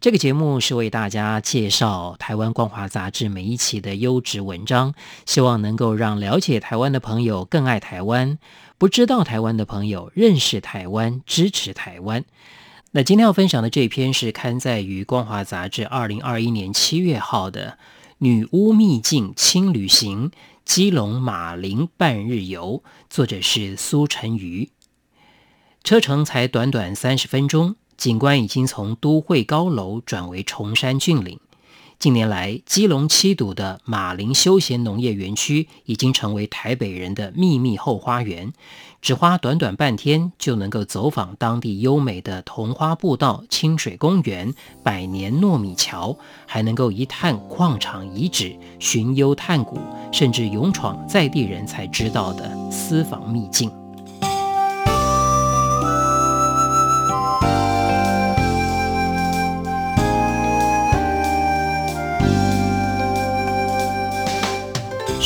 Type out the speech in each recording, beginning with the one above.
這個節目是為大家介紹台灣光華雜誌每一期的優質文章，希望能夠讓了解台灣的朋友更愛台灣，不知道台灣的朋友認識台灣，支持台灣。那今天要分享的這篇是刊載於《光華雜誌》2021年7月號的《女巫秘境輕旅行：基隆瑪陵半日遊》，作者是蘇晨瑜。車程才短短三十分鐘。景觀已經從都會高樓轉為崇山峻嶺。近年來，基隆七堵的瑪陵休閒農業園區已經成為台北人的秘密後花園。只花短短半天，就能夠走訪當地優美的桐花步道、清水公園、百年糯米橋，還能夠一探礦場遺址、尋幽探古，甚至勇闖在地人才知道的私房秘境。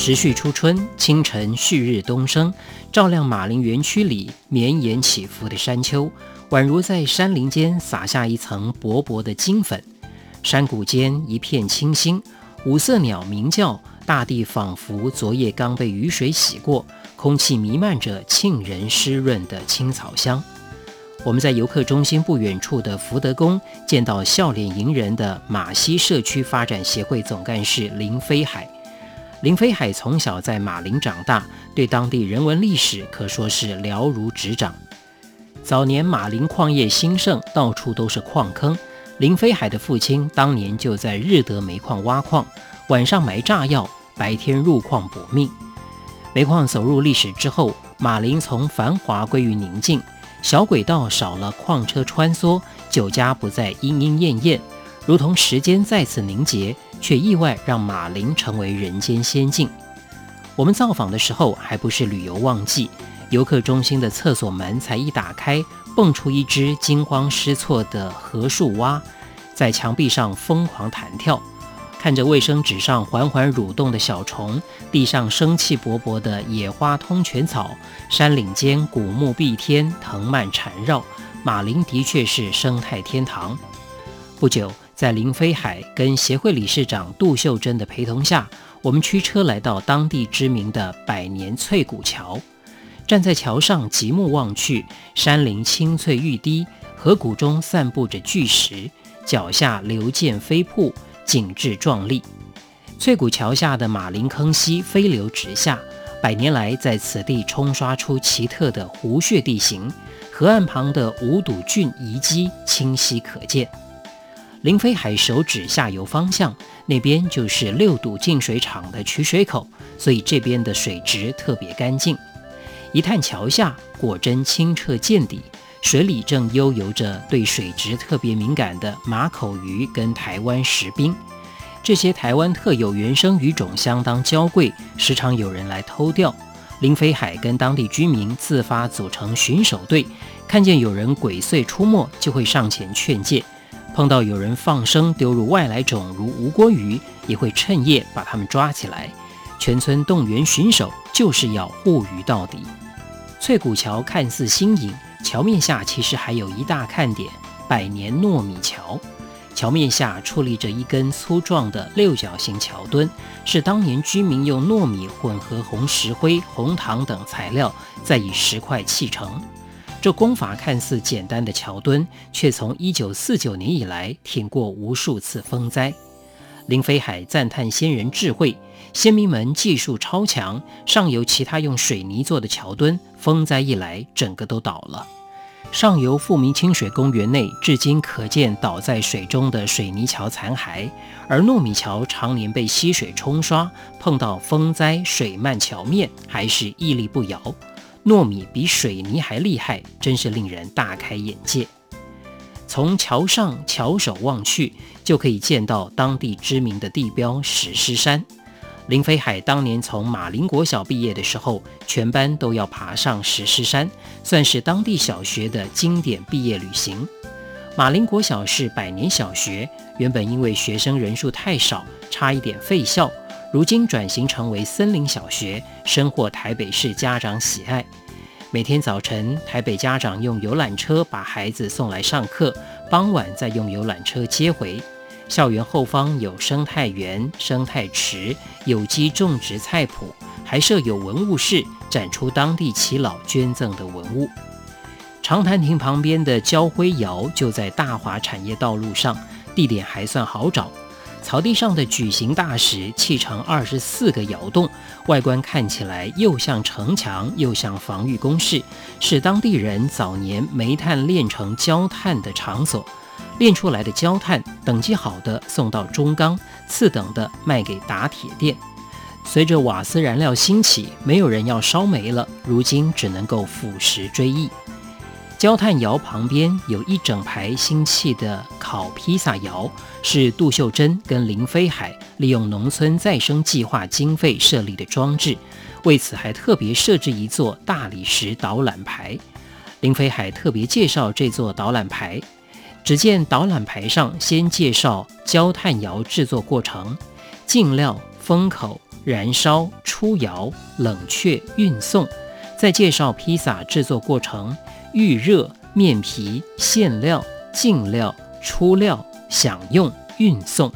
時序初春，清晨旭日東升，照亮馬陵園區裡綿延起伏的山丘，宛如在山林間撒下一層薄薄的金粉。山谷間一片清新，五色鳥鳴叫，大地仿佛昨夜剛被雨水洗過，空氣瀰漫着沁人濕潤的青草香。我們在遊客中心不遠處的福德宮見到笑臉迎人的馬西社區發展協會總幹事林飛海。林飛海從小在瑪陵長大，對當地人文歷史可說是了如指掌。早年瑪陵礦業興盛，到處都是礦坑。林飛海的父親當年就在日德煤礦挖礦，晚上埋炸藥，白天入礦搏命。煤礦走入歷史之後，瑪陵從繁華歸於寧靜，小軌道少了礦車穿梭，酒家不再鶯鶯燕燕，如同時間再次凝結。卻意外讓瑪陵成為人間仙境。我們造訪的時候還不是旅遊旺季，遊客中心的廁所門才一打開，蹦出一隻驚慌失措的褐樹蛙，在牆壁上瘋狂彈跳。看着衛生紙上緩緩蠕動的小蟲，地上生氣勃勃的野花通泉草，山嶺間古木蔽天，藤蔓纏繞，瑪陵的確是生態天堂。不久。在林飛海跟協會理事長杜秀珍的陪同下，我們驅車來到當地知名的百年翠谷橋。站在橋上極目望去，山林青翠欲滴，河谷中散布着巨石，腳下流澗飛瀑，景致壯麗。翠谷橋下的瑪陵坑溪飛流直下，百年來在此地沖刷出奇特的壺穴地形，河岸旁的五堵圳遺迹清晰可見。林飛海手指下游方向，那邊就是六堵淨水廠的取水口，所以這邊的水質特別乾淨。一探橋下，果真清澈見底，水裡正悠游着對水質特別敏感的馬口魚跟台灣石賓。這些台灣特有原生魚種相當嬌貴，時常有人來偷釣。林飛海跟當地居民自發組成巡守隊，看見有人鬼祟出沒，就會上前勸誡。碰到有人放生丟入外來種如吳郭魚，也會趁夜把它們抓起來。全村動員巡守，就是要護魚到底。翠谷橋看似新穎，橋面下其實還有一大看點——百年糯米橋。橋面下矗立着一根粗壯的六角形橋墩，是當年居民用糯米混合紅石灰、紅糖等材料，再以石塊砌成。這功法看似簡單的橋墩，卻從一九四九年以來挺過無數次風災。林飛海讚嘆先人智慧，先民們技術超強。上游其他用水泥做的橋墩，風災一來，整個都倒了。上游富民清水公園內，至今可見倒在水中的水泥橋殘骸。而糯米橋常年被溪水沖刷，碰到風災，水漫橋面，還是屹立不搖。糯米比水泥還厲害，真是令人大開眼界。從橋上翹首望去，就可以見到當地知名的地標石獅山。林飛海當年從瑪陵國小畢業的時候，全班都要爬上石獅山，算是當地小學的經典畢業旅行。瑪陵國小是百年小學，原本因為學生人數太少，差一點廢校。如今轉型成為森林小學，深獲台北市家長喜愛。每天早晨，台北家長用遊覽車把孩子送來上課，傍晚再用遊覽車接回。校園後方有生態園、生態池、有機種植菜圃，還設有文物室，展出當地耆老捐贈的文物。長潭亭旁邊的焦灰窯就在大華產業道路上，地點還算好找。草地上的矩形大石砌成二十四個窑洞，外觀看起來又像城牆又像防御工事，是當地人早年煤炭煉成焦炭的場所。煉出來的焦炭等級好的送到中鋼，次等的賣給打鐵店。隨着瓦斯燃料興起，沒有人要燒煤了。如今只能夠俯拾追憶。焦炭窯旁邊有一整排新砌的烤披薩窯，是杜秀珍跟林飛海利用農村再生計劃經費設立的裝置。為此，還特別設置一座大理石導覽牌。林飛海特別介紹這座導覽牌。只見導覽牌上先介紹焦炭窯制作過程：進料、封口、燃燒、出窯、冷卻、運送。在介紹披薩製作過程：預熱、麵皮、餡料、進料、出料、享用、運送。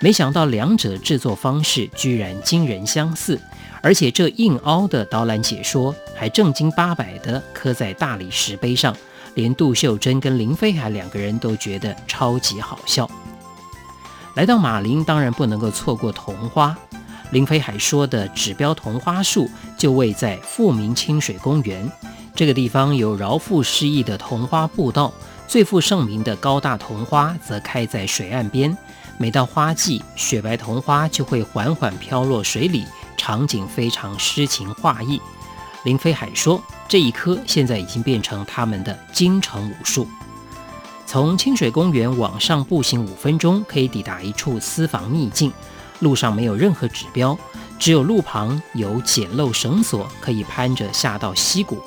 沒想到兩者製作方式居然驚人相似，而且這硬凹的導覽解說還正經八百的刻在大理石碑上，連杜秀珍跟林飛海兩個人都覺得超級好笑。來到瑪陵，當然不能夠錯過桐花。林飛海說的指標同花樹就位在富明清水公園，這個地方有饒富詩意的同花步道，最負盛名的高大同花則開在水岸邊。每到花季，雪白同花就會緩緩飄落水裡，場景非常詩情畫意。林飛海說，這一棵現在已經變成他們的京城武術。從清水公園往上步行五分鐘，可以抵達一處私房秘境。路上沒有任何指標，只有路旁有簡陋繩索，可以攀着下到溪谷。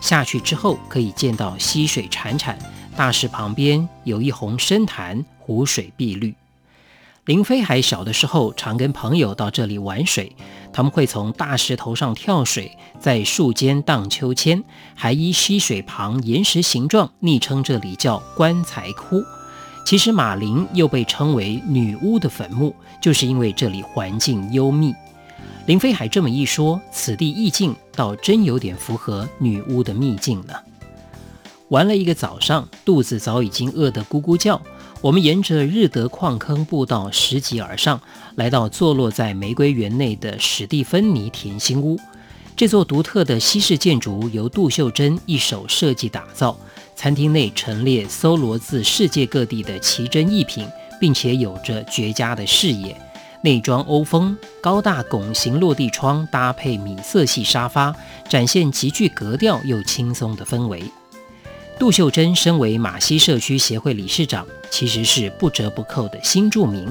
下去之後，可以見到溪水潺潺，大石旁邊有一泓深潭，湖水碧綠。林飛還小的時候，常跟朋友到這裡玩水，他們會從大石頭上跳水，在樹間盪秋千，還依溪水旁岩石形狀，昵稱這裡叫“棺材窟”。其實瑪陵又被稱為女巫的墳墓，就是因為這裡環境幽密。林飛海這麼一說，此地意境倒真有點符合女巫的秘境了。玩了一個早上，肚子早已經餓得咕咕叫。我們沿着日德礦坑步道拾級而上，來到坐落在玫瑰園內的史蒂芬妮甜心屋。這座獨特的西式建築由杜秀珍一手設計打造。餐廳內陳列搜羅自世界各地的奇珍異品，並且有着絕佳的視野。內裝歐風，高大拱形落地窗搭配米色系沙發，展現極具格調又輕鬆的氛圍。杜秀珍身為瑪陵社區協會理事長，其實是不折不扣的新住民。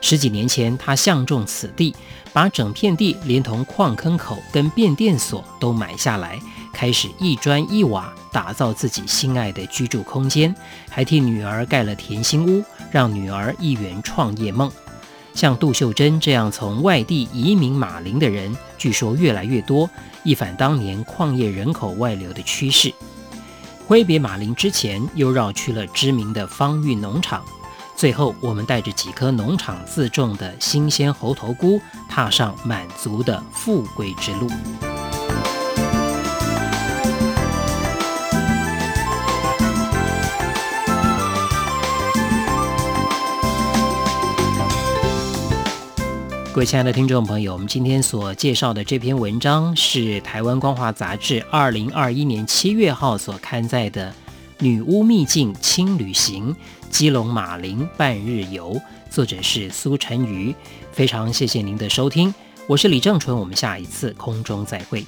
十幾年前，她相中此地，把整片地連同礦坑口跟變電所都買下來。開始一磚一瓦打造自己心愛的居住空間，還替女兒蓋了甜心屋，讓女兒一圓創業夢。像杜秀珍這樣從外地移民瑪陵的人，據說越來越多，一反當年礦業人口外流的趨勢。揮別瑪陵之前，又繞去了知名的芳裕農場。最後，我們帶着幾顆農場自種的新鮮猴頭菇，踏上滿足的富貴之路。各位親愛的聽眾朋友，我們今天所介紹的這篇文章是台灣光華雜誌2021年7月號所刊載的《女巫秘境輕旅行：基隆瑪陵半日遊》，作者是蘇晨瑜。非常謝謝您的收聽，我是李正淳，我們下一次空中再會。